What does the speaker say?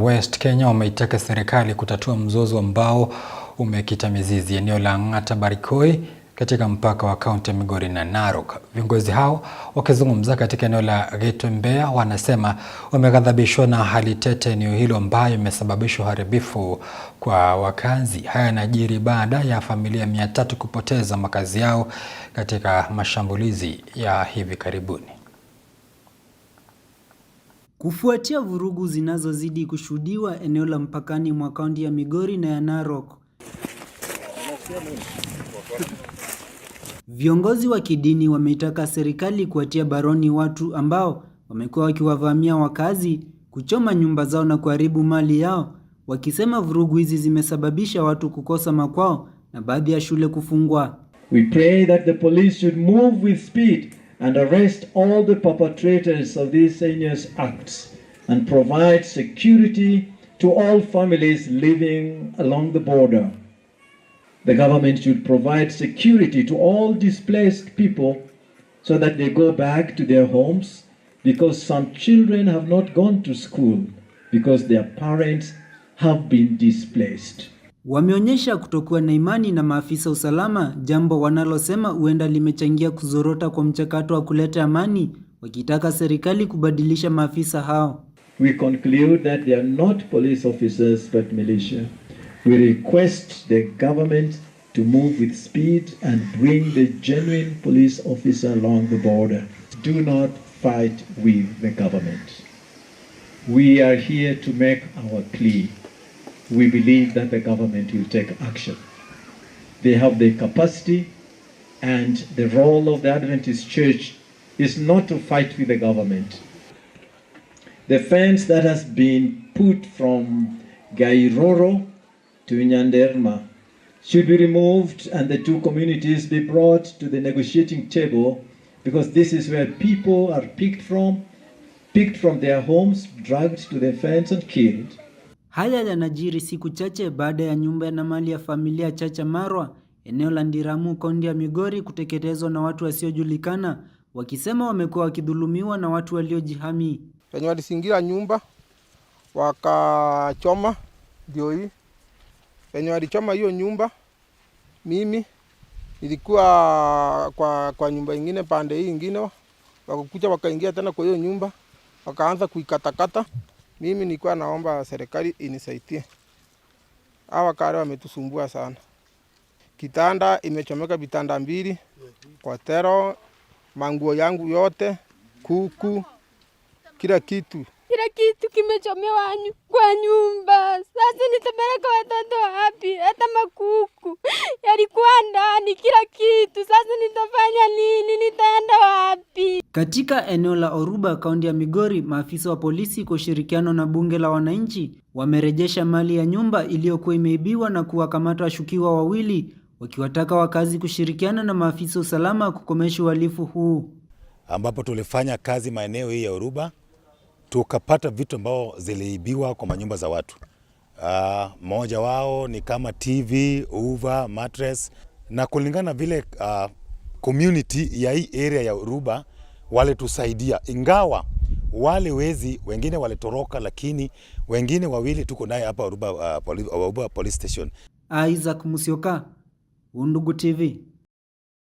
West Kenya wameitaka serikali kutatua mzozo ambao umekita mizizi eneo la Ng'ata Barikoi katika mpaka wa kaunti ya Migori na Narok. Viongozi hao wakizungumza katika eneo la Gitwe, Mbeya, wanasema wameghadhabishwa na hali tete eneo hilo ambayo imesababisha uharibifu kwa wakazi. Haya yanajiri baada ya familia mia tatu kupoteza makazi yao katika mashambulizi ya hivi karibuni. Kufuatia vurugu zinazozidi kushuhudiwa eneo la mpakani mwa kaunti ya Migori na ya Narok, viongozi wa kidini wameitaka serikali kuwatia baroni watu ambao wamekuwa wakiwavamia wakazi, kuchoma nyumba zao na kuharibu mali yao, wakisema vurugu hizi zimesababisha watu kukosa makwao na baadhi ya shule kufungwa. We pray that the police should move with speed and arrest all the perpetrators of these heinous acts and provide security to all families living along the border. The government should provide security to all displaced people so that they go back to their homes because some children have not gone to school because their parents have been displaced. wameonyesha kutokuwa na imani na maafisa usalama, jambo wanalosema huenda limechangia kuzorota kwa mchakato wa kuleta amani, wakitaka serikali kubadilisha maafisa hao. We conclude that they are not police officers but militia. We request the government to move with speed and bring the genuine police officer along the border. Do not fight with the government. We are here to make our plea. we believe that the government will take action. They have the capacity and the role of the Adventist Church is not to fight with the government. The fence that has been put from Gairoro to Nyanderma should be removed and the two communities be brought to the negotiating table because this is where people are picked from, picked from their homes, dragged to the fence and killed. Haya yanajiri siku chache baada ya nyumba na mali ya familia Chacha Marwa eneo la Ndiramu kaunti ya Migori kuteketezwa na watu wasiojulikana, wakisema wamekuwa wakidhulumiwa na watu waliojihami. Wenye walisingira nyumba wakachoma, ndio hii wenye walichoma hiyo nyumba. Mimi nilikuwa kwa, kwa nyumba ingine pande hii ingine, wakakuja wakaingia tena kwa hiyo nyumba wakaanza kuikatakata. Mimi nilikuwa naomba serikali inisaidie, hawa kare wametusumbua sana. Kitanda imechomeka vitanda mbili, kotero, manguo yangu yote, kuku, kila kitu kila kitu kimechomewa kwa nyumba. Sasa nitapeleka watoto wapi? hata makuu Katika eneo la Oruba, kaunti ya Migori, maafisa wa polisi kwa ushirikiano na bunge la wananchi wamerejesha mali ya nyumba iliyokuwa imeibiwa na kuwakamata washukiwa wawili, wakiwataka wakazi kushirikiana na maafisa usalama kukomesha uhalifu huu. Ambapo tulifanya kazi maeneo hii ya Oruba, tukapata vitu ambao ziliibiwa kwa manyumba za watu. Uh, ah, mmoja wao ni kama TV, uva, mattress na kulingana vile uh, community ya hii area ya Oruba walitusaidia, ingawa wale wezi wengine walitoroka, lakini wengine wawili tuko naye hapa Aruba, uh, Poli, Police Station. Isaac musioka Undugu TV.